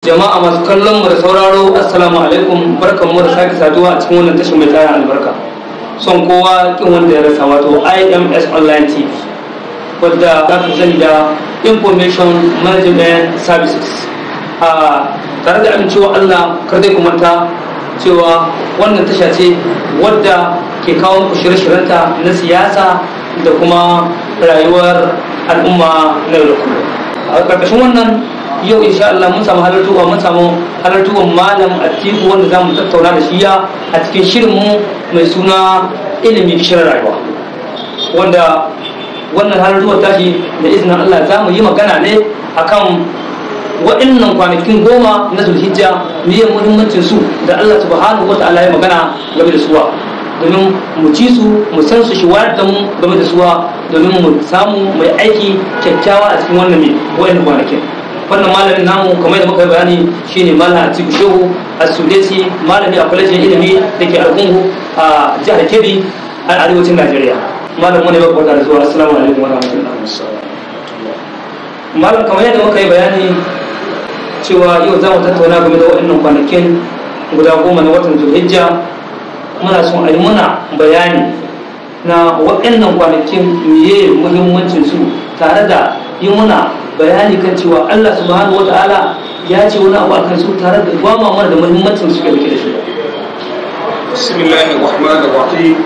jama'a masu kallon mu da sauraro assalamu alaikum barkan mu da sake saduwa a cikin wannan tashin mai tara albarka son kowa kin wanda ya rasa wato IMS online TV wadda za ku sani da information management services a tare da amincewa Allah kar dai ku cewa wannan tasha ce wadda ke kawo ku shirye-shiryenta na siyasa da kuma rayuwar al'umma na yau da kullum a ƙarƙashin wannan yau insha Allah mun samu halartuwa mun samu halartuwa malam Atiku wanda za mu tattauna da shi ya a cikin shirin mu mai suna ilimi shirin rayuwa wanda wannan halartuwar tashi da izinin Allah za mu yi magana ne akan waɗannan kwanakin goma na zulhijja yi muhimmancin su da Allah subhanahu wa ta'ala ya magana game da suwa domin mu ci su mu san su wayar da mu game da suwa domin mu samu mai aiki kyakkyawa a cikin wannan mai kwanakin wannan malamin namu kamar yadda muka bayani shine malam Atiku Shehu Asudesi malami a kwalejin ilimi da ke Argungu a jihar Kebbi a arewacin Najeriya malam mu ne babbar da zuwa assalamu alaikum wa rahmatullahi malam kamar yadda muka yi bayani cewa yau za mu tattauna game da waɗannan kwanakin guda goma na watan Zulhijja muna son a yi muna bayani na waɗannan kwanakin meye muhimmancin su tare da yi muna bayani kan cewa Allah subhanahu wa ta'ala ya ce wani abu akan su tare da ba ma da muhimmancin su ga da shi bismillahir rahmanir rahim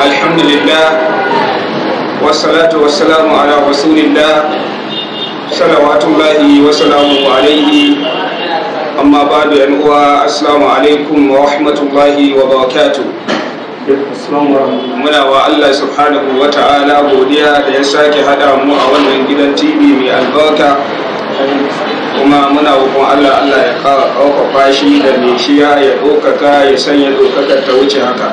alhamdulillah wassalatu wassalamu ala rasulillah salawatullahi wa salamu alaihi amma ba'du yan uwa assalamu alaikum wa rahmatullahi wa barakatuh muna wa Allah subhanahu wa ta'ala godiya da ya sake hada mu a wannan gidan tv mai albarka kuma muna hukun Allah Allah ya kara ɗaukaka shi da mai shiya ya ɗaukaka ya sanya ɗaukakar ta wuce haka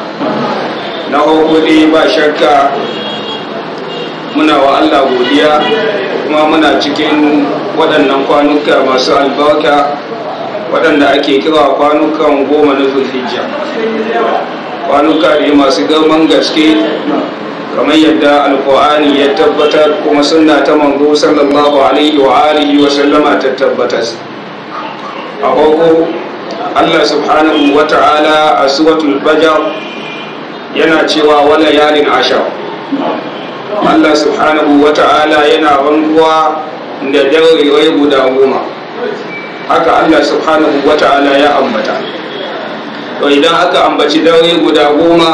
na hukuri ba shakka muna wa Allah godiya kuma muna cikin waɗannan kwanuka masu albarka waɗanda ake kira kwanukan goma na zulhijja kwanuka ne masu girman gaske kamar yadda alkuwani ya tabbatar kuma suna ta mango sallallahu alaihi wa alihi wa sallama ta tabbatar a farko Allah subhanahu wa ta'ala a suwatul bajar yana cewa wala yarin asha Allah subhanahu wa ta'ala yana banguwa da dare guda goma haka Allah subhanahu wa ta'ala ya ambata to idan aka ambaci daure guda goma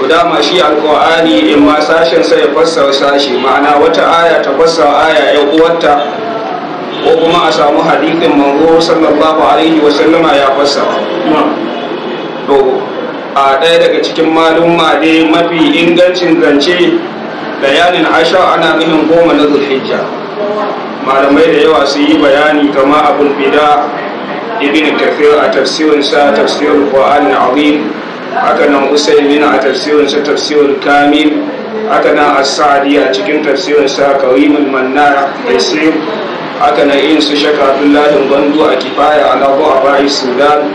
guda ma shi alkur'ani in ma sashen sai ya fassara sashi ma'ana wata aya ta fassara aya ya uwarta ko kuma a samu hadithin manzo sallallahu alaihi wa sallama ya fassara to a ɗaya daga cikin ma dai mafi ingancin zance bayanin asha ana nufin goma na zulhijja malamai da yawa su yi bayani kama abul bida ابن kathir a tafsirinsa tafsirul qur'an azim haka nan usaimin a تفسير tafsirul kamil haka nan as a cikin tafsirinsa karimul mannar taysir haka nan in su shaka abdullahi gwandu a kifaya ala ba'i sudan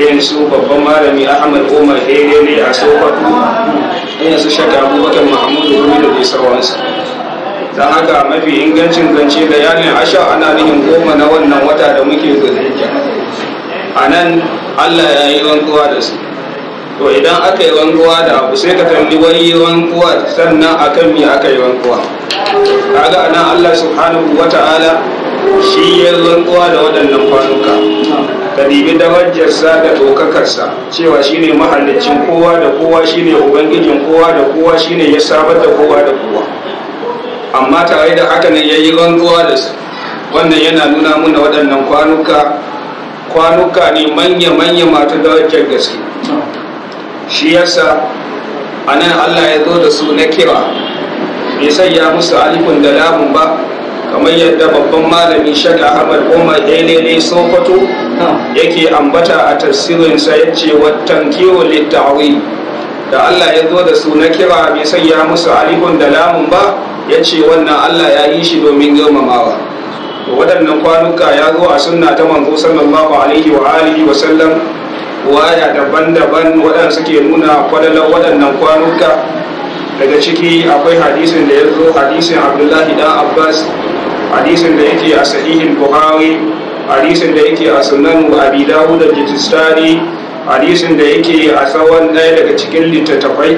in su babban malami ahmad umar daidai ne a sokoto in su da haka mafi ingancin zance da yanin asha ana nihin goma na wannan wata da muke zulhijja a nan allah ya yi wankuwa da su to idan aka yi wankuwa da abu sai ka tambi wani wankuwa sannan akan me aka yi rantsuwa kaga anan allah subhanahu wata'ala shi ya wankuwa da waɗannan kwanuka ka dibi darajarsa da ɗaukakarsa cewa shine mahallicin kowa da kowa shine ubangijin kowa da kowa shine ya sabar da kowa da kowa amma tare da haka ne ya yi rantsuwa da su wannan yana nuna mana waɗannan kwanuka kwanuka ne manya-manya mata wajen gaske shi yasa a nan allah ya zo da su na kewa bai sanya musu alifin da lamun ba kamar yadda babban malami shaka ahmad umar daidai sokoto yake ambata a tasirinsa ya ce watan kiwo littawi da allah ya zo da su na kira bai sanya musu alifin da lamun ba ya ce wannan allah ya yi shi domin girmamawa waɗannan kwanuka ya zo a sunna ta manzo sallallahu alaihi wa alihi wa sallam waya daban-daban waɗanda suke nuna falalar waɗannan kwanuka daga ciki akwai hadisin da ya zo hadisin abdullahi dan abbas hadisin da yake a sahihin buhari hadisin da yake a sunan abi dawud da hadisin da yake a tsawon ɗaya daga cikin littattafai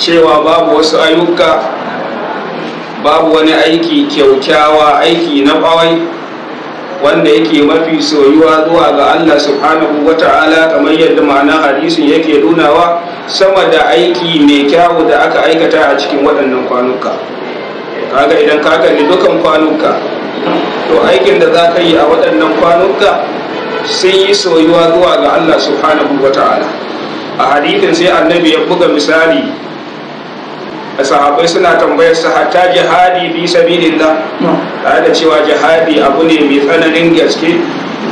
cewa babu wasu ayyuka babu wani aiki kyaukyawa aiki na ƙawai wanda yake mafi soyuwa zuwa ga Allah subhanahu wa ta'ala kamar yadda ma'ana hadisin yake nunawa sama da aiki mai kyawu da aka aikata a cikin waɗannan kwanuka kaga idan ka kalli dukan kwanuka to aikin da za ka yi a waɗannan kwanuka sun yi soyuwa zuwa ga Allah subhanahu wa ta'ala a hadithin sai annabi ya buga misali sahabai suna tambayar su hatta jihadi fi sabilillah tare da cewa jihadi abu ne mai tsananin gaske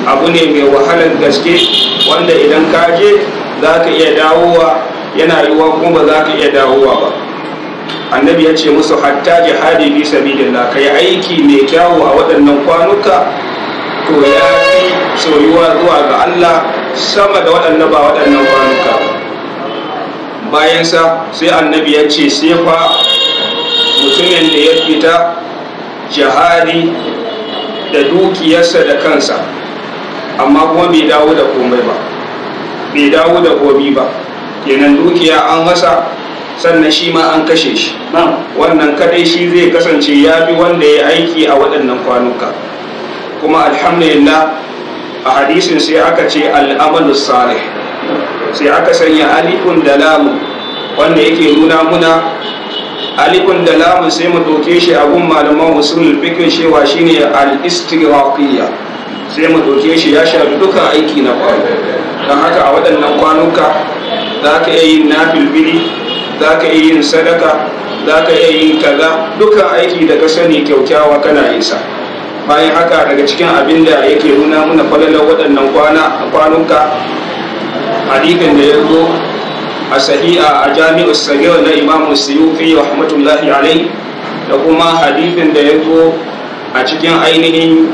abu ne mai wahalar gaske wanda idan ka je za ka iya dawowa yana yiwuwa kuma ba za ka iya dawowa ba annabi ya ce musu hatta jihadi fi sabilillah ka yi aiki mai kyawu a waɗannan kwanuka to ya fi soyuwa zuwa ga Allah sama da waɗannan ba waɗannan kwanuka ba Bayan sa, sai annabi ya ce sai fa mutumin da ya fita jihadi da dukiyarsa da kansa amma kuma bai dawo da komai ba bai dawo da komi ba kenan dukiya an wasa, sannan shi ma an kashe shi wannan kadai shi zai kasance ya bi wanda ya aiki a waɗannan kwanuka kuma alhamdulillah a hadisin sai aka ce al'amalus salih sai aka sanya alifun da lamu wanda yake nuna muna alifun da lamu sai mu doke shi a gun malaman usulul fikin shewa shine al-istighraqiyya sai mu doke shi ya shafi duka aiki na kwano don haka a waɗannan kwanuka za ka iya yin nafilbili za ka iya yin sadaka za ka iya yin kaza duka aiki da ka sani kyaukyawa kana isa bayan haka daga cikin abin da yake nuna muna falalar waɗannan kwanuka hadisin da ya zo a sahiha a jami'u sagir na imam wa rahmatullahi alai da kuma hadisin da ya zo a cikin ainihin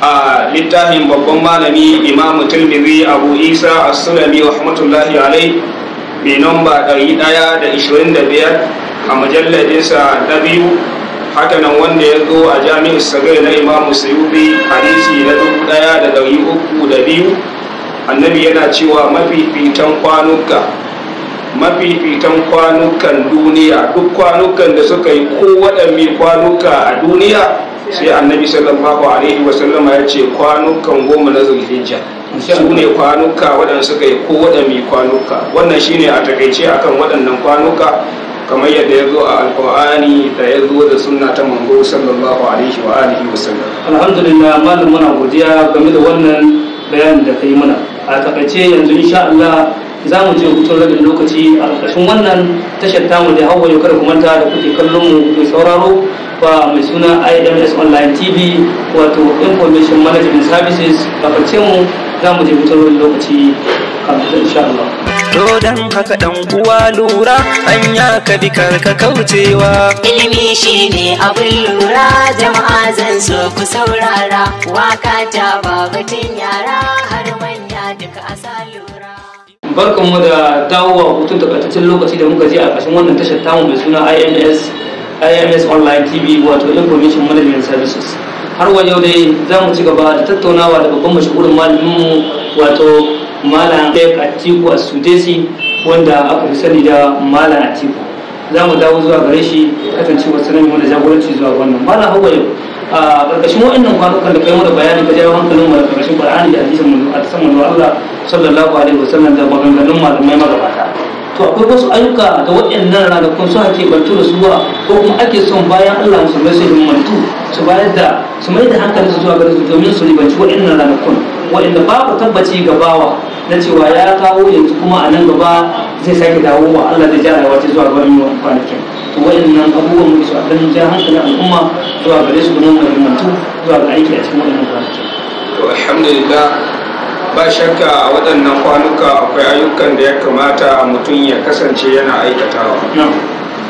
a littafin babban malami imam tilmizi abu isa as-sulami rahmatullahi alai mai da 125 a mujalladinsa na biyu hakanan wanda ya zo a jami'u sagir na imam suyufi hadisi na da 1302 annabi yana cewa mafifitan kwanuka mafifitan kwanukan duniya duk kwanukan da suka yi ko waɗanne kwanuka a duniya sai annabi sallallahu alaihi wasallama ya ce kwanukan goma na zulhijja su ne kwanuka waɗanda suka yi ko waɗanne kwanuka wannan shine a takaice akan waɗannan kwanuka kamar yadda ya zo a alkur'ani da ya zo da sunna ta mango sallallahu alaihi wa alihi wasallam alhamdulillah malam muna godiya game da wannan bayanin da kai muna a takaice yanzu insha Allah za mu je hutun rabin lokaci a ƙarƙashin wannan tashar tamu da hawa yau kada ku manta da kuke kallon mu mai sauraro ba mai suna IMS Online TV wato Information Management Services kafacin mu za mu je wutar lokaci kamar insha Allah. To dan haka dan uwa lura hanya ka bi karka kaucewa. Ilimi ne abin lura jama'a zan so ku saurara waka ta babatin yara har manya duka asa lura. Barkanmu da dawowa hutun takaitaccen lokaci da muka je a ƙarshen wannan tashar tamu mai suna INS ims online tv wato information management services har waje dai za mu ci gaba da tattaunawa da babban mashahurin malaminmu wato malam ɗaya atiku a sudesi wanda aka fi sani da malam atiku za mu dawo zuwa gare shi nan mu wanda jagoranci zuwa wannan malam hawa yau a ƙarƙashin waɗannan kwanukan da kai mu da bayani ka jawo hankalin mu da ƙarƙashin Qur'ani da hadisin mu a tsaman Allah sallallahu alaihi wasallam da maganganun malamai magabata to akwai wasu ayyuka da waɗannan ranakun su ake bantu da suwa ko kuma ake son bayan Allah musulmai su himmantu su bayar da su mai da hankali su zuwa gare su domin su ribanci waɗannan ranakun waɗanda babu tabbaci ga bawa na cewa ya kawo yanzu kuma a nan gaba zai sake dawo wa Allah zai jara wace zuwa ga wani kwanakin to waɗannan abubuwan mu su a ganin jan hankalin al'umma zuwa gare su domin himmantu zuwa ga aiki a cikin waɗannan kwanakin to alhamdulillah ba shakka a waɗannan kwanuka akwai ayyukan da ya kamata mutum ya kasance yana aikatawa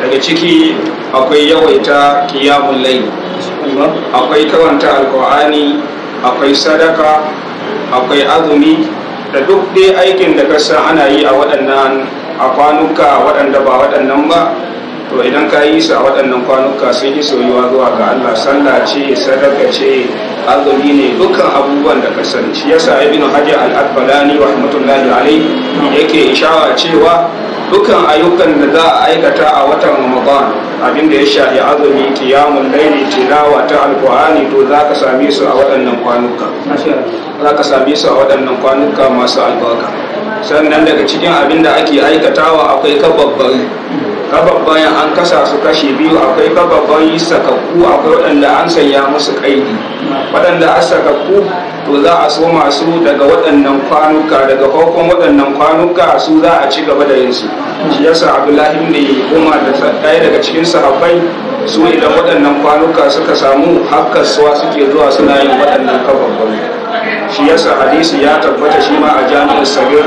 daga ciki akwai yawaita kiyamun layi akwai karanta alkur'ani akwai sadaka akwai azumi da duk dai aikin da kasa ana yi a waɗannan a kwanuka waɗanda ba waɗannan ba to idan ka yi su a waɗannan kwanuka sun yi soyuwa zuwa ga allah sallah ce sadaka ce azumi ne dukkan abubuwan da ka sani shi yasa ibnu hajar al-asqalani rahmatullahi alayhi yake ishawa cewa dukkan ayyukan da za a aikata a watan ramadan abin da ya shafi azumi kiyamun laili tilawa ta alqur'ani to za ka same su a waɗannan kwanuka za ka same su a waɗannan kwanuka masu albarka sannan daga cikin abin da ake aikatawa akwai kababbari kababban an kasa su kashe biyu akwai kababban sakakku akwai waɗanda an sanya musu kaidi waɗanda asakakku to za a so masu daga waɗannan kwanuka daga farkon waɗannan kwanuka su za a ci gaba da yinsu shi yasa abdullahi ne kuma da ɗaya daga cikin sahabbai su idan waɗannan kwanuka suka samu hakkasuwa suke zuwa suna yin waɗannan kafaffan shi yasa hadisi ya tabbata shi ma a jami'ar sabir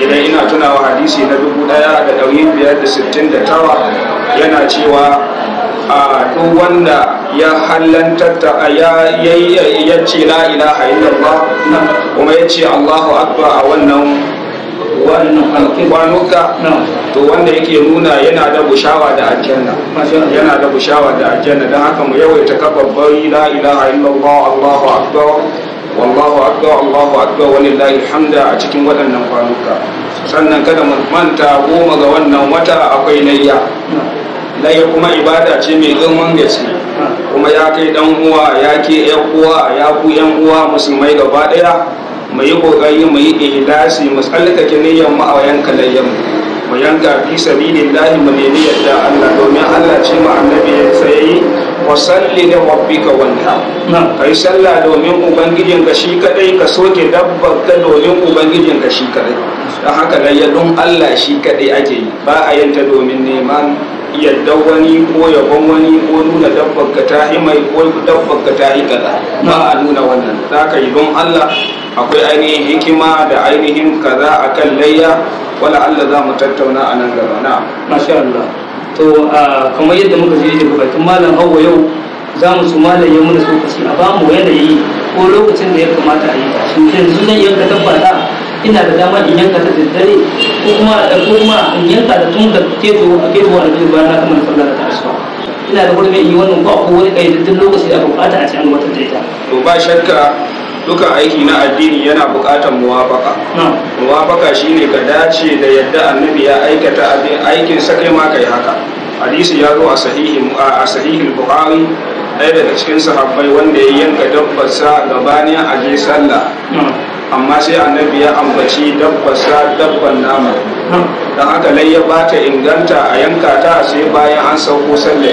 idan ina tunawa hadisi na dubu ɗaya da ɗari biyar da sittin da tawa yana cewa a duk wanda ya hallantar da ya ce la ilaha illallah kuma ya ce allahu akbar a wannan kwanuka to wanda yake nuna yana da bushawa da aljanna yana da bushawa da aljanna don haka mu yawaita kababbari la ilaha illallah allahu akbar wallahu akbar allahu akbar walillahi hamda a cikin waɗannan kwanuka sannan kada mu manta goma ga wannan wata akwai layya laye kuma ibada ce mai girman gaske kuma ya kai dan uwa ya ke yan uwa ya ku yan uwa musulmai gaba daya mu yi kokari mu yi ihlasi mu tsallake niyyar mu a wayan kallayen mu yanka fi sabilillahi mu nemi yadda Allah domin Allah ce mu annabi sai yi. wasalli da wabbi rabbika ka yi sallah domin ubangijin ka shi kadai ka soke dabbar ka domin ubangijin ka shi kadai don haka ya don Allah shi kadai ake yi ba a yanta domin neman yadda wani ko yabon wani ko nuna dabbar ka ta yi mai ko dabbar ka ta yi kaza ba a nuna wannan za ka yi don Allah akwai ainihin hikima da ainihin kaza akan layya wala Allah za mu tattauna a nan gaba na masha Allah to kamar yadda muka je da bukatun malam hawa yau za mu su malam ya muna tsokaci a ba mu yadda yi ko lokacin da ya kamata a yi ta shi yanzu zan yanka tabbata ina da dama in yanka ta daddare ko kuma kuma in yanka da tun da keto a keto a keto bayan na kamar sallar da asuba ina da wurin yi wannan ba ko wani kayyadaddun lokaci da bukata a cikin wata daita. to ba shakka duka aiki na addini yana buƙatar muwafaka muwafaka shine ka dace da yadda annabi ya aikata abin aikin sa kai ma kai haka hadisi ya zo a sahihi a sahihin bukhari ɗaya daga cikin sahabbai wanda ya yanka dabbar sa gabanin a je sallah amma sai annabi ya ambaci dabbar sa dabban nama Dan haka lai ya bata inganta a yanka ta sai bayan an sauko sallah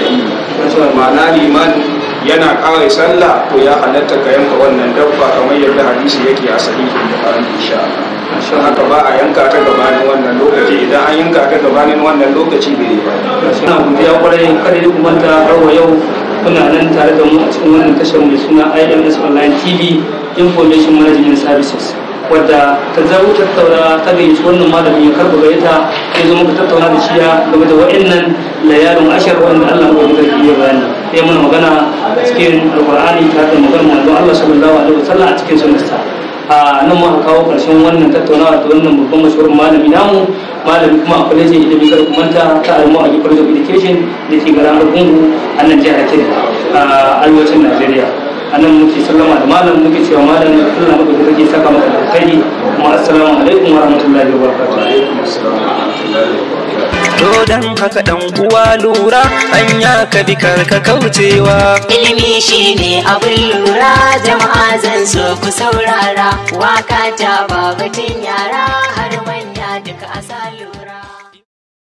ma'ana liman yana kawai sallah to ya halatta ka yanka wannan dabba kamar yadda hadisi yake a sahihin bukhari insha Allah shi haka ba a yanka ta gabanin wannan lokaci idan an yanka ta gabanin wannan lokaci bai yi ba suna godiya kwarai kada duk wanda rawa yau kuna nan tare da mu a cikin wannan tashar mai suna IMS online TV information management services wadda ta zau tattauna ta gayyaci wannan malamin ya karɓa ta ya zo muka tattauna da shi game da wa'annan yaron ashar wanda Allah ya ga zai ya bayani ya mana magana cikin alqur'ani ta da magana manzon Allah sallallahu alaihi wasallam a cikin ta a nan muka kawo ƙarshen wannan tattaunawa da wannan babban mashahurin malami namu malami kuma a kwalejin ilimi kar kumanta ta almu a yi of education da ke garin argungu a nan jihar kebbi a arewacin najeriya anan muke sallama da malam muke cewa malam Allah muke da kake saka maka alkhairi kuma assalamu alaikum wa rahmatullahi wa barakatuh to dan haka dan uwa lura hanya ka bi karka kaucewa ilimi shine abin lura jama'a zan so ku saurara waka ta babatin yara har manya duka asalu